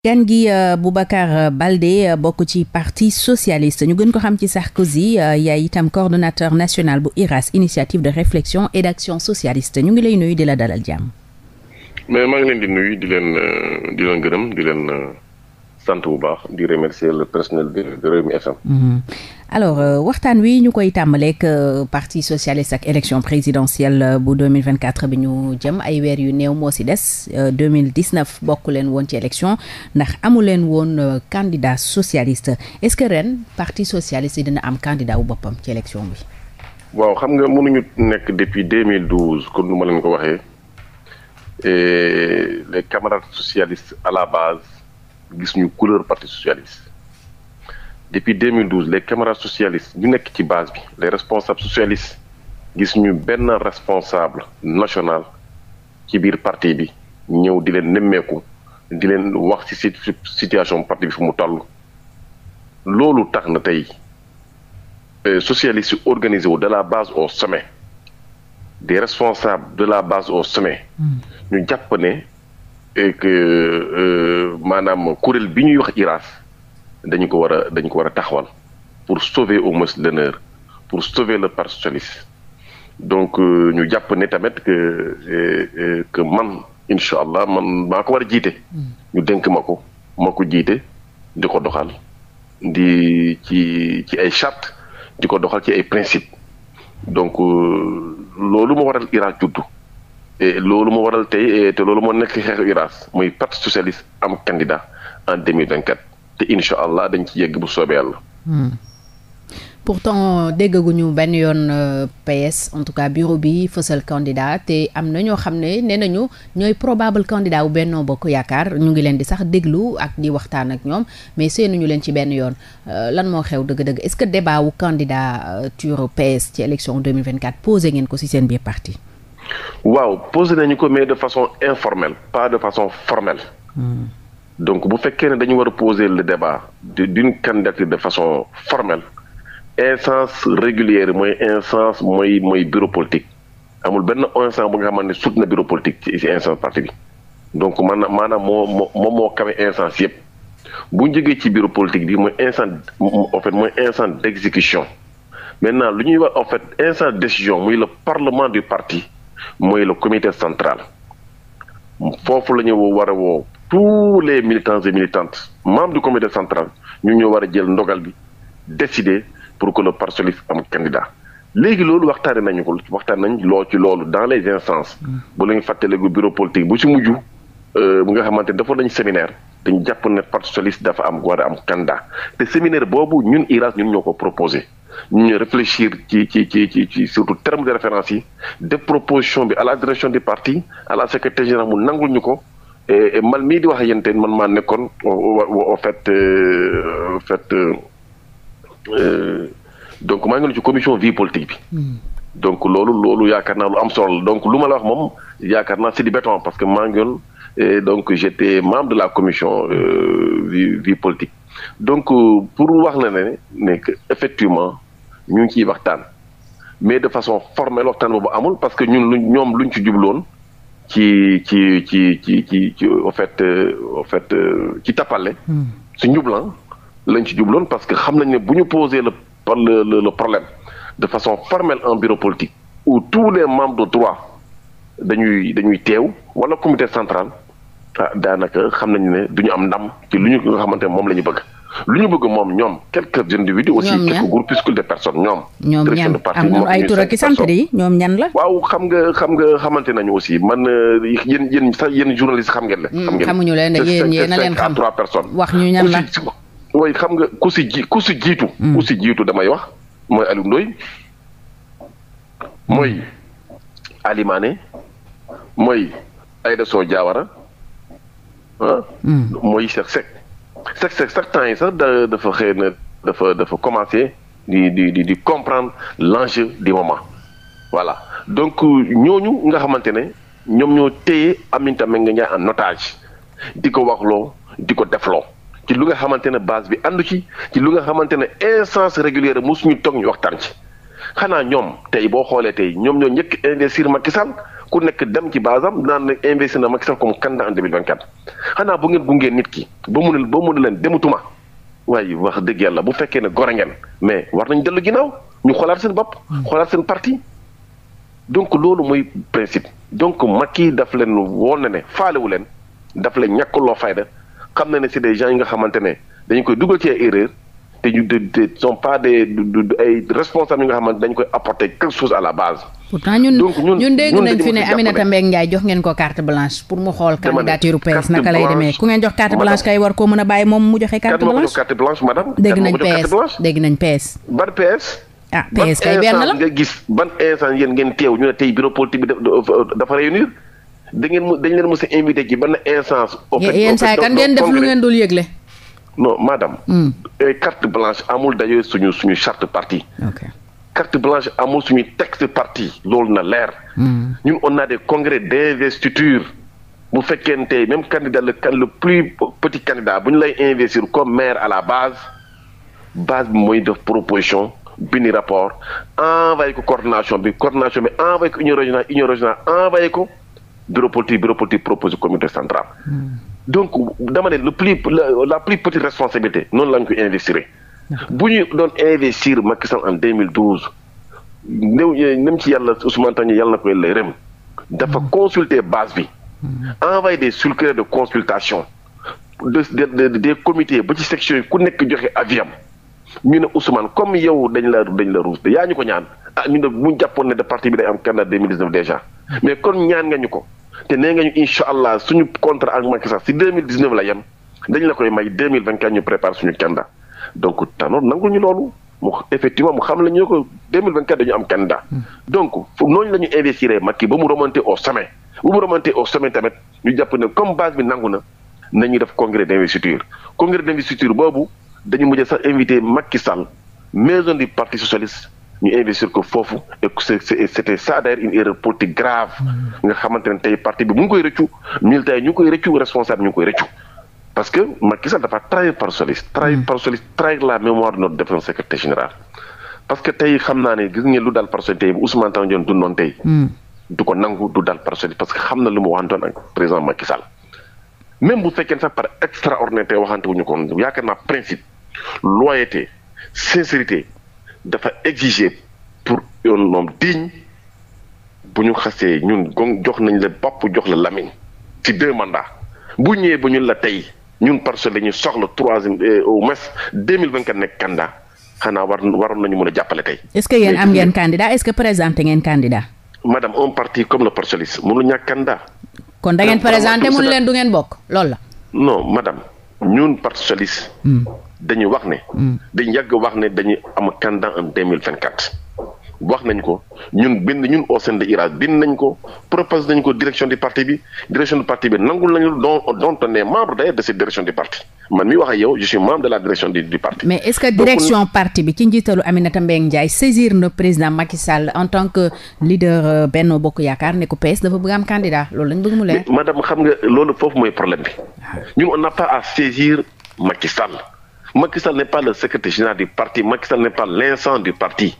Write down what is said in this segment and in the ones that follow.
gan gi euh, Boubacar euh, Baldé euh, bokk ci parti socialiste ñu gën ko xam ci Sarkozy yay itam coordonnateur national bu IRAS initiative de réflexion et d'action socialiste ñu ngi lay nuyu di la dalal jàmm mais maa ngi leen di nuyu di leen di di leen sant bu baax di remercier personnel de de FM. Mhm. alors euh, waxtaan wi ñu koy tàmbaleeg euh, parti socialiste ak élection présidentielle euh, bu 2024 bi ñu jëm ay weer yu néew moo si des 2019 bokk leen woon ci élection ndax amu leen woon candidat socialiste est-ce que ren parti socialiste dina am candidat wu boppam ci élection bi. waaw xam nga mënuñu nekk depuis 2012 kon nu ma leen ko waxee les camarades socialistes à la base. gis ñu couleur parti socialiste depuis 2012 les camarades socialistes ñu nekk ci base bi les responsables socialistes gis ñu benn responsable national ci biir partie bi ñëw di leen nemmeeku di leen wax ci situation parti bi fu mu toll loolu tax na tey euh, socialistes yi organisé wu de la base au sommet des responsables de la base au sommet hmm. ñu jàpp ne et que euh, maanaam kuréel bi ñuy wax IRAS dañu ko war a dañu ko war a taxawal pour sauver au moins leneur pour sauver le parti socialiste donc euh, ñu jàpp ne tamit que euh, que man incha allah man maa ko war a jiite. ñu dénk ma ko ma jiite di ko doxal di ci ci ay charte di ko doxal ci ay principe donc loolu moo waral IRAS juddu. loolu moo waral tey eh, te loolu moo nekk xeexu URAS muy parti socialiste am candidat en 2024 te incha allah dañ ci yegg bu soobee yàlla. Hmm. pourtant déggaguñu benn yoon euh, PS en tout cas bureau bi fësal candidat te am na ñoo xam ne ne nañu ñooy probable candidat wu Benno Bokk Yaakaar ñu ngi leen di sax déglu ak di waxtaan ak ñoom mais seenuñu leen ci benn yoon euh, lan moo xew dëgg-dëgg est-ce que débat wu candidature PS ci élection 2024 posé ngeen ko ci seen biir parti. waaw posé nañu ko mais de façon informelle pas de façon formelle. Hmm. donc bu fekkee ne dañu war a poser le débat d'une candidature de façon formelle instance régulière mooy instance mooy mooy bureau politique amul benn instance bu nga xamante ne sut na bureau politique ci instance parti bi donc man maanaam moo moo moom moo kawe instance yëpp bu ñu ci bureau politique bi mooy instance en fait mooy instance d' exécution maintenant lu ñuy wax en fait instance décision muy le parlement du parti mooy le comité centrale foofu la ñu war a woo tous les militants et militantes membres du comité central ñu ñoo war a jël ndogal bi décider pour que le Parti socialiste am candidat léegi loolu waxtaane nañu ko waxtaan nañ loo ci loolu dans les instances bu la ñu fàttaliku bureau politique bu ci mujj euh, bu nga xamante dafa nañ séminaire dañ jàpp ne Parti socialiste dafa am war a am candidat te séminaire boobu ñun IRAS ñun ñoo ko proposé ñu réfléchir ci ci ci ci surtout terme de référence yi def proposition bi à la direction du parti à la secrétaire générale mu nangul ñu ko et man mii di wax ak yéen tey man maa nekkoon au fait au fait euh, euh, euh, donc maa ngi ci commission vie politique bi. Hmm. donc loolu loolu yaakaar naa lu am solo donc lu ma la wax moom yaakaar naa c'est du béton parce que maa ngi woon donc j'étais membre de la commission vie vie politique. donc euh, pour wax la ne ne effectivement ñu ngi ciy waxtaan mais de façon formelle waxtaan boobu amul parce que ñun luñ ñoom luñ ci jubloon ci ci ci ci ci ci fait au fait euh, euh, ci tappale su hmm. njublan lañ ci jubloon parce que xam nañ ne bu ñu poser le le le problème de façon formelle en bureau politique où tous les membres de droit dañuy dañuy teew wala comité centrale daanaka xam nañu ne du ñu am ndam ci lu ñu xamante ne moom la ñu bëgg lu ñu bëgg moom ñoom quelques individus aussi quelques groupuscules de personnes ñoom ñoom ñan na la waaw xam nga xam nga xamante nañu aussi man euh, yéen yen sax yéen journaliste xam ngeen la hmm, xam ngeen xamuñu leen de yéen yéen a leen xam trois personnes wax ñu ñan la way xam nga ku si ji ku si jiitu hmm. ku si jiitu damay wax mooy Aliou Ndoye mooy hmm. Alimané mooy Aïda ah. mooy Cheikh Seck. Cheikh Seck sax temps yi sax dafa xëy na dafa dafa commencé di di di di comprendre l'enjeu di moment. voilà donc ñooñu nga xamante ne ñoom ñoo am téye Aminata nga Ndiaye en notage di ko waxloo di ko defloo ci lu nga xamante ne base bi àndu ci ci lu nga xamante ne instance régulière suñu toog ñu waxtaan ci xanaa ñoom tey boo xoolee tey ñoom ñoo ñëkk investir Macky Sall ku nekk dem ci basam naan nag investi na Macky Sall comme candidat en 2024 xanaa bu ngeen gungee nit ki ba mu mun ba mun leen demutuma waaye wax dëgg yàlla bu fekkee ne gore ngeen mais war nañ dellu ginnaaw ñu xoolaat seen bopp xoolaat seen parti donc loolu mooy principe donc kii daf leen woon na ne faalewu leen daf leen loo fayda xam na ne c'est des gens yi nga xamante ne dañu koy dugal ci ay erreur te ñu sont pas des ay responsables yi nga xamante dañu koy apporter quelque chose à la base pourtant ñun ñun dégg nañ fi ne Aminata Mbengue Ndiaye jox ngeen ko carte blanche pour mu xool candidature PS naka lay demee ku ngeen jox carte blanche kay war koo mën a bàyyi moom mu joxe carte blanche carte dégg nañ PS ban PS ah PS kay benn la nga gis ban instant yéen ngeen teew ñu ne tey bureau politique bi dafa réunir da ngeen mu dañ leen mos invité ci benn instance yéen saa kan ngeen def lu ngeen dul yëgle non madame hmm. eh, carte blanche amul dañoo suñu suñu carte blanche amul suñu texte parti loolu na leer. Hmm. ñun on a des congrès d'investiture bu fekkente même candidat le le plus petit candidat bu ñu lay investir comme maire à la base base bi mooy def proposition bini rapport envoyé ko coordination bi coordination bi envoyé ko union régionale ko bureau politique bureau politique proposé comité central. Hmm. donc dama ne le plus la plus petite responsabilité noonu la ñu ko investir. bu ñu doon investir Macky Sall en 2012 néew nem ci yàlla Ousmane Tandian yàlla na koy lay rem dafa mm-hmm. consulter base bi mm-hmm. envoyé des circulaires de consultation de de des comités ba ci section yi ku nekk joxe aviam ñu ne Ousmane comme yow dañ la dañ la ruus yaa ñu ko ñaan ah ñu ne mu jàppoon ne de parti bi day am candidat 2019 déjà mm-hmm. mais kon ñaan nga ñu ko te nee nga ñu incha allah suñu contrat ak Macky Sall si 2019 la yem dañ la koy may ñu prépare suñu candidat donc Tanor nangul ñu loolu mu effectivement mu xam la ñu ne ko 2024 dañu am candidat hmm. donc noonu la ñu investir Macky ba mu remonter au sommet bu mu remonter au sommet tamit ñu jàpp ne comme base bi nangu na nañu def congrès d'investiture congrès d'investiture boobu dañu mujj sax invité Macky Sall maison du parti socialiste ñu investir ko foofu et c'était ça d'ailleurs une erreur politique grave hmm. nga xamante ne tey parti bi mu ngi koy rëccu militaires ñu ngi koy rëccu ñu ngi koy parce que Macky Sall dafa trahir par soliste trahir mm. par soliste trahir la mémoire de notre défense secrétaire parce que tey xam naa ne gis ngeen lu dal par soliste tey Ousmane Tanor Dieng dundoon tey mm. du ko nangu du dal parce que xam na lu mu waxantoon ak président Macky Sall même bu fekkee sax par extraordinaire tey waxante wuñu ko yaakaar naa principe loyauté sincérité dafa exiger pour un homme digne bu ñu xasee ñun gong jox nañ la bopp jox la lamiñ ci deux mandats bu ñëwee bu ñu la tey ñun Parcelles la ñuy soxla troisième euh, au moins deux mille vingt quatre nekk candidat xanaa war waroon nañu mën a jàppale tey. est-ce que yéen am ngeen candidat est-ce que présenté ngeen candidat. madame un parti comme le Parcelliste mënul ñàkk candidat. kon da ngeen mun leen du ngeen bokk loolu la. non madame ñun Parcelliste. Hmm. dañuy wax ne. Hmm. dañu yàgg wax ne dañuy am candidat en wax nañ ko ñun bind ñun au sein de IRA bind nañ ko propose nañ ko direction du parti bi direction du parti bi nangul nañu don dont on est membre d'ailleurs de cette direction du parti man mi wax ak yow je suis membre de la direction du du parti. mais est-ce que direction parti bi ci njiitalu Aminata Mbengue Ndiaye saisir na président Macky en euh, Bokk Yaakaar ne ko PS dafa bëgg am candidat loolu lañ bëgg mu leer. madame xam nga loolu foofu mooy problème bi ah. ñun on n'a pas à saisir Macky Sall Macky pas le secrétaire général du parti Macky Sall n'est pas l'instant du parti.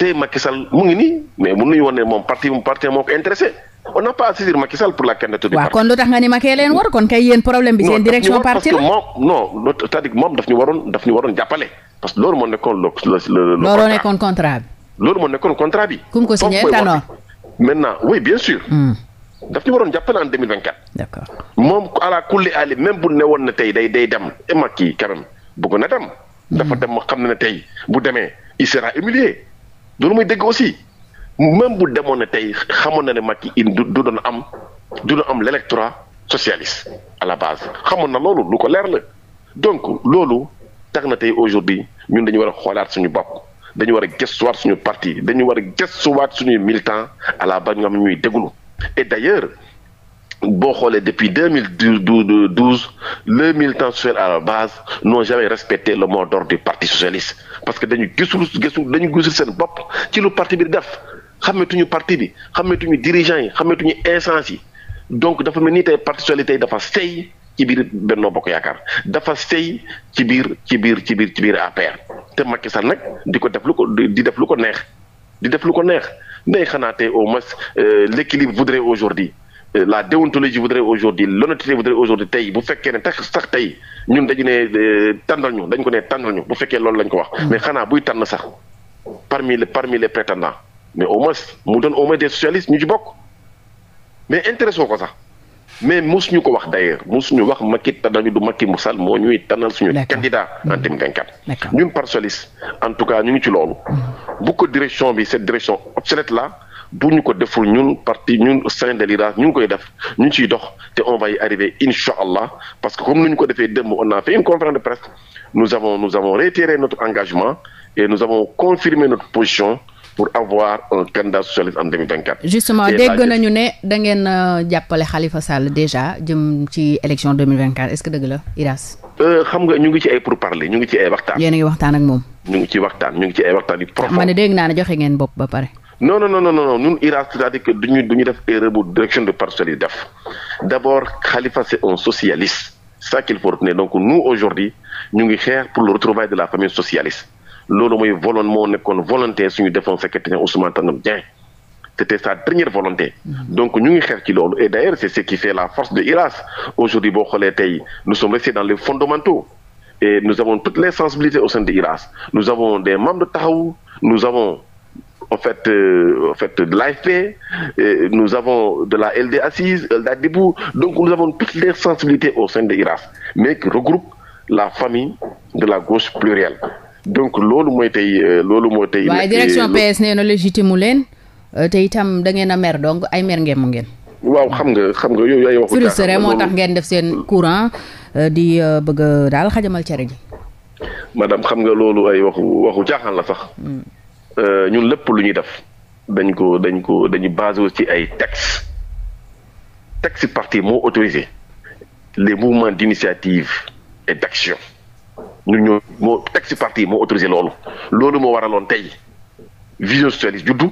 tey Macky Sall mu ngi nii mais mënuñu woon ne moom parti parti moo ko intéressé on n'a pas à saisir Macky Sall pour la candidature. waaw kon lu tax nga ni Macky leen war kon kay yéen problème bi. seen direction parti la non non cest moom daf ñu waroon daf ñu waroon jàppale. parce que loolu moo nekkoon le le le. looloo nekkoon contrat bi. loolu moo nekkoon contrat maintenant oui hmm. ñu waroon jàppale en 2024. d'accord moom ala kulli ali même bu ne woon na tey day day dem et Macky quand même bëgg na dem. dafa hmm. dem xam na ne tey bu demee il sera humilié. loolu muy dégg aussi même bu demoon ne tey xamoon na ne Macky in du doon am du am l'électorat socialiste à la base xamoon na loolu lu ko leer la donc loolu tax na tey aujourd'hui ñun dañu war a xoolaat suñu bopp dañu war a gëstuwaat suñu parti dañu war a gëstuwaat suñuy militant à la base ñu am ñuy déglu et d'ailleurs boo xoolee depuis deux mille douze les militants sociaux à la base n'ont jamais respecté le mot d'ordre du parti socialiste parce que dañu gisul gisul dañu gisul seen bopp ci lu parti bi di def xamatuñu parti bi xamatuñu dirigeants yi xamatuñu instance yi donc dafa mel ni tey parti socialiste dafa sey ci biir Benno Bokk Yaakaar dafa sey ci biir ci biir ci biir ci biir APR te Macky Sall nag di ko def lu ko di def lu ko neex di def lu ko neex day xanaa tey au moins euh, l'équilibre voudrait aujourd'hui Euh, la déontologie voudrait aujourd'hui l'honnêteté voudrait aujourd'hui tey bu fekkee ne tax sax tey ñun dañu ne euh, tànnal ñu dañ ko ne tànnal ñu bu fekkee loolu lañ ko wax mm. mais xanaa buy tànn sax parmi les parmi les prétendants mais au moins mu doon au moins des socialistes ñu ci bokk mais intéressé ko sax mais mosu ñu ko wax d'ailleurs mosu ñu wax Macky tànnal ñu du makki mu sal moo ñuy tànnal suñu candidat en 2024 mm. ñun par socialiste en tout cas ñu ngi ci loolu mm. bu ko bi cette direction obsolète là bu ñu ko deful ñun parti ñun sein de l'IRAS ñu ngi koy def ñu ngi ciy dox te on va y incha allah parce que comme ni ñu ko defee démb on a fait une conférence de engagement et nous avons confirmé notre position pour avoir un candidat socialiste en 2024. justement dégg nañu ne da euh, jàppale Khalifa Sall déjà jëm ci élection 2024 est-ce que dëgg la IRAS. Euh, xam nga ñu ngi ci ay pourparlers ñu ngi ci ay waxtaan. yéen a ngi waxtaan ak moom. ñu ngi ci waxtaan ñu ngi ci ay waxtaan yu profond. ma ne dégg naa ne joxe pare. non non non non ñun IRAS c'est-à-dire que duñu duñu def erreur bu direction de parcelles yi def d'abord Khalifa c'est un socialiste ça qu'il faut retenir donc nous aujourd'hui ñu ngi xeex pour le retrouvaille de la famille socialiste loolu mooy volon moo nekkoon volonté suñu defoon secrétaire Ousmane Tanor Dieng c'était sa dernière volonté mm-hmm. donc ñu ngi xeex ci loolu et d'ailleurs c'est ce qui fait la force de IRAS aujourd'hui boo xoolee tey nous sommes restés dans les fondamentaux et nous avons toutes les sensibilités au sein de IRAS nous avons des membres de Taxawu nous avons en fait, euh, en fait de l'AFP, euh, nous avons de la LD Assise, LD Debout. Donc nous avons toutes les sensibilités au sein de l'IRAS, mais qui la famille de la gauche plurielle. donc loolu mooy tey euh, loolu moo tey. waaye direction PS nee na légitime leen euh, te itam da ngeen a mer donc ay mer ngeen mu ngeen. waaw xam nga xam nga yooyu ay waxu. frustré moo ngeen def seen courant di bëgg daal xajamal cere ji. madame xam nga loolu ay waxu waxu jaaxaan la sax. Mm. Euh, ñun lépp lu ñuy def dañ ko dañ ko dañu basé ci ay texte texte parti moo autorisé les mouvements d'initiative et d'action ñun ñoo moo texte parti moo autorisé loolu loolu moo waraloon tey vision socialiste juddu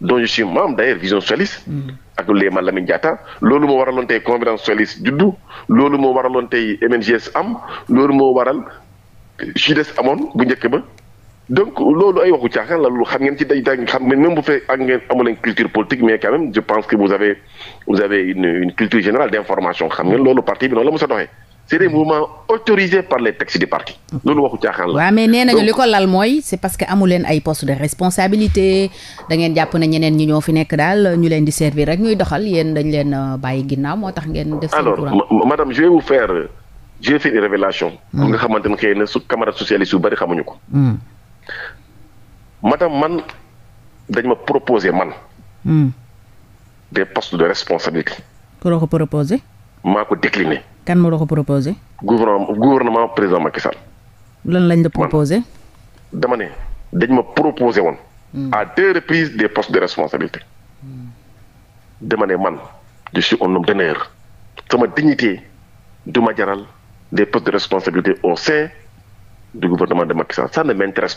dont je suis membre d'ailleurs vision socialiste mm. ak Léema Lamine Diatta loolu moo waraloon tey convergence socialiste juddu loolu moo waraloon tey MNGS am loolu moo waral JDS amoon bu njëkk ba donc loolu ay waxu caaxaan la lu xam ngeen ci day daan xam ngeen même bu fekk ak ngeen amu leen culture politique mais quand même je pense culture générale d'information xam ngeen loolu parti bi noonu la mu sa doxee c'est des mouvements autorisés par les textes du parti. loolu waxu caaxaan la. waaw mais nee li ko lal mooy c'est parce que amu leen ay postes de responsabilité da jàpp na ñeneen ñi ñoo fi nekk daal ñu leen di servir rek ñuy doxal yéen dañ leen euh, bàyyi ginnaaw moo tax ngeen. def seen courant alors madame je vais vous faire euh, je vais faire hmm. ko. Hmm. madame man dañu ma proposer man. Mm. des postes de responsabilité. ku la ko proposer. maa ko décliner. kan moo la ko proposer. gouvernement gouvernement président Macky Sall. lan lañ la proposer. dama ne dañ ma proposer woon. Mm. à deux reprises des postes de responsabilité. Hmm. dama ne man je suis un homme d'honneur sama dignité du ma jaral des postes de responsabilité au sein. du gouvernement de Macky Sall ça ne m'intéresse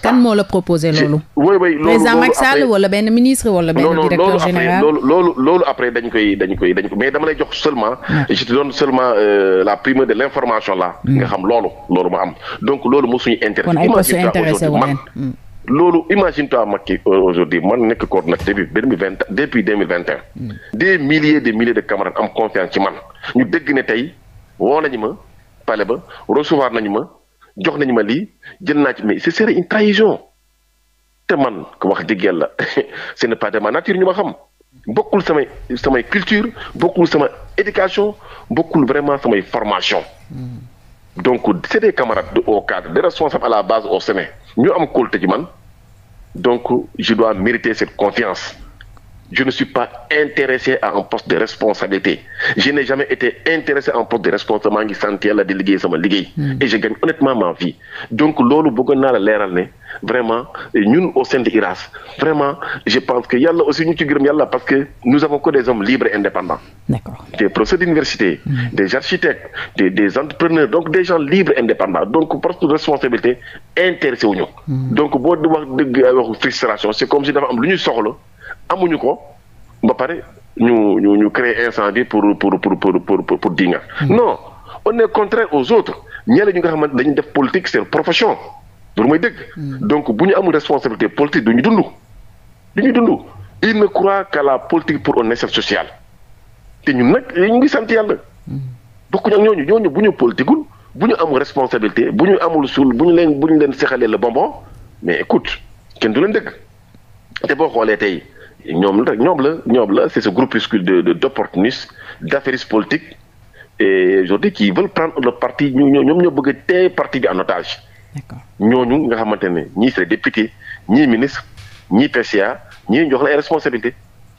wala benn ministre wala benn directeur général loolu après loolu après dañ koy dañ koy dañ ko mais dama lay jox seulement. je te donne euh, la prime de l' information là. Mm. nga xam loolu loolu ma am donc loolu moo suñu intéressé. kon mm. loolu imagine toi Macky euh, aujourd'hui man nekk coordinateur bi depuis vingt depuis deux mille vingt et un. Mm. des milliers de milliers de camarades am confiance ci man ñu dégg ne tey woo nañu ma pale ba recevoir nañu ma. jox nañ ma lii jël naa ci mais ce serait une trahison te man ko wax dëgg yàlla ce n'est pas de ma nature ñu ma xam bokkul samay samay culture bokkul sama éducation bokkul vraiment samay formation hmm. donc c'est des camarades de haut cadre des responsables à la base au sommet ñu am kóolute ci man donc je dois mériter cette confiance je ne suis pas intéressé à un poste de responsabilité je n'ai jamais été intéressé à un poste de responsabilité maa ngi sant yàlla di liggéey sama liggéey. Hmm. et je gagne honnêtement ma vie. donc loolu bëggoon la leeral ne vraiment euh, ñun au sein de IRAS vraiment je pense que yàlla aussi ñu ci gërëm yàlla parce que nous avons que des hommes libres indépendant indépendants. d'accord des professeurs d'université. Mmh. des architectes des entrepreneurs donc des gens libres indépendant indépendants donc poste de responsabilité intéressé ñu. Hmm. donc boo wax dëgg waxu frustration comme si dafa am lu ñu soxla. amuñu ko ba pare ñu ñu ñu créer incendie pour pour pour pour pour pour, pour dinga mm. non on est contraire aux autres ñeneen ñu nga xamante dañuy def politique seen profession loolu may dëgg. Hmm. donc bu ñu amul responsabilité politique du ñu dund. du ñu dund il ne croit qu'à la politique pour un échec social te ñun nag ñu ngi sant yàlla. Hmm. bokkuñ ak ñooñu ñooñu bu ñu politikul bu ñu amul responsabilité bu ñu amul suul bu ñu leen bu ñu leen sexalee le bonbon mais écoute kenn du leen dëgg te boo xoolee tey. ñoom la ñoom la ñoom la c'est ce groupuscule de de d'opportunistes d'affairistes politiques et aujourd'hui qui veulent prendre le parti ñu ñoom ñoo bëgg a parti bi en otage. d'accord ñooñu nga xamante ne ñii c'est député ñii ministre ñii PCA ñii jox la ay responsabilité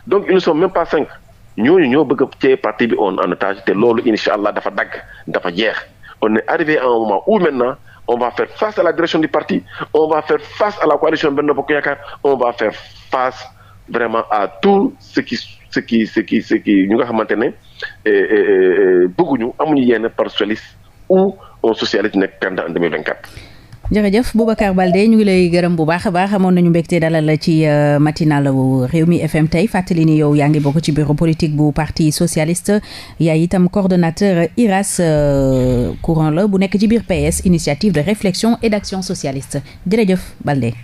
donc ils ne sont même pas cinq ñooñu ñoo bëgg a parti bi en en otage te loolu incha allah dafa dagg dafa jeex on ne arrivé à un moment où maintenant. on va faire face à la direction du parti on va faire face à la coalition Benno Bokk Yaakaar on va vraiment à tout ce qui ce qui ñu nga xamante ne eh, eh, eh, bëgguñu amuñu yenn par socialiste ou un jërëjëf Boubacar Baldé ñu ngi lay gërëm bu baax a baax amoon nañu mbégte dalal la ci euh, matinale wu Rewmi mi tey fàttali ni yow yaa ngi bokk ci bureau politique bu parti socialiste yaay itam coordonnateur IRAS euh, courant la bu nekk ci biir PS initiative de réflexion et d'action socialiste jërëjëf Baldé.